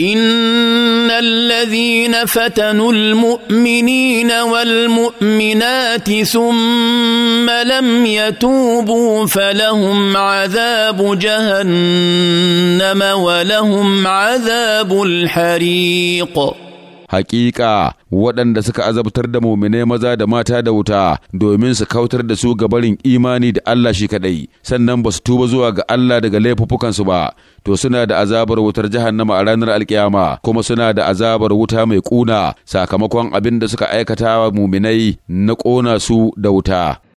ان الذين فتنوا المؤمنين والمؤمنات ثم لم يتوبوا فلهم عذاب جهنم ولهم عذاب الحريق Hakika waɗanda suka azabtar da muminai maza da mata da wuta domin su kautar da su ga barin imani da Allah shi kaɗai, sannan ba su tuba zuwa ga Allah daga laifuffukansu ba, to suna da azabar wutar jahannama a ranar alkiyama kuma suna da azabar wuta mai ƙuna sakamakon abin da suka aikata wa muminai na kona su da wuta.